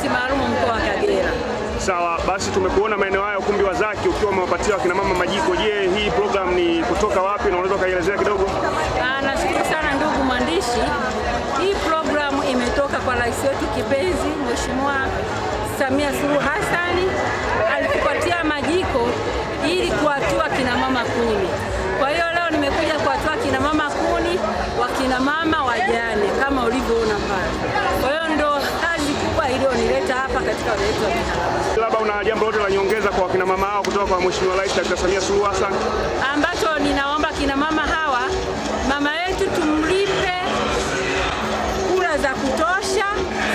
wakati maalum mkoa wa Kagera. Sawa, basi tumekuona maeneo haya ukumbi wa Zaki ukiwa umewapatia wakina mama majiko. Je, hii program ni kutoka wapi na unaweza ukaielezea kidogo? Ah, nashukuru sana ndugu mwandishi, hii program imetoka kwa rais wetu kipenzi Mheshimiwa Samia Suluhu Hassan, alitupatia majiko hapa katika wilaya Labda una jambo lolote la nyongeza kwa kina mama hao kutoka kwa Mheshimiwa Rais Dr. Samia Suluhu Hassan? Ambacho ninaomba kina mama hawa, mama yetu tumlipe kura za kutosha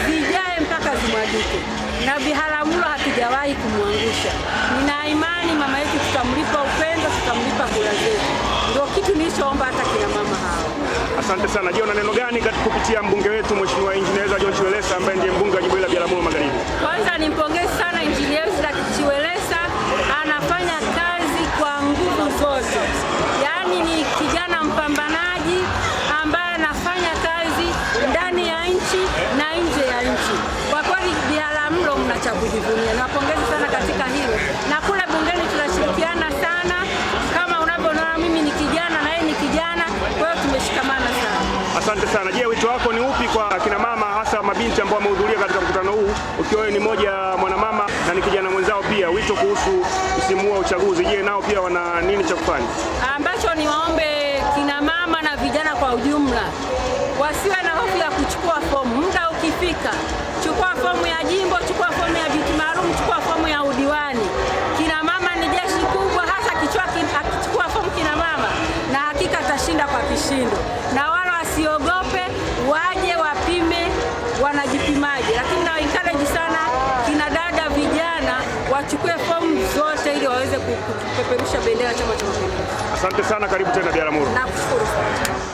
zijae mpaka zimwagike, na Biharamulo hatujawahi kumwangusha. Nina imani mama yetu tutamlipa upendo, tutamlipa kura zetu, ndio kitu nilichoomba hata kina mama hawa. Asante sana. Je, una neno gani kupitia mbunge wetu Mheshimiwa Injinia John Chiwelesa nimpongeze sana Injinia Elzada Kichiwelesa, anafanya kazi kwa nguvu zote, yaani ni kijana mpambanaji ambaye anafanya kazi ndani ya nchi na nje ya nchi. Kwa kweli, Biharamulo mna cha kujivunia. Asante sana. Je, wito wako ni upi kwa kina mama hasa mabinti ambao wamehudhuria katika mkutano huu, ukiwa wewe ni mmoja mwanamama na ni kijana mwenzao pia, wito kuhusu msimu wa uchaguzi? Je, nao pia wana nini cha kufanya? Ambacho niwaombe kina mama na vijana kwa ujumla wasiwe na hofu ya kuchukua fomu. Muda ukifika, chukua fomu ya jimbo, chukua fomu ya viti maalum, chukua fomu ya udiwani. Kina mama ni jeshi kubwa, hasa kichwa akichukua fomu kina mama, na hakika atashinda kwa kishindo na wasiogope, waje wapime wanajipimaje, lakini na encourage sana kina dada vijana wachukue fomu zote ili waweze kupeperusha bendera Chama cha Mapinduzi. Asante sana, karibu tena Biaramuro. Nakushukuru sana.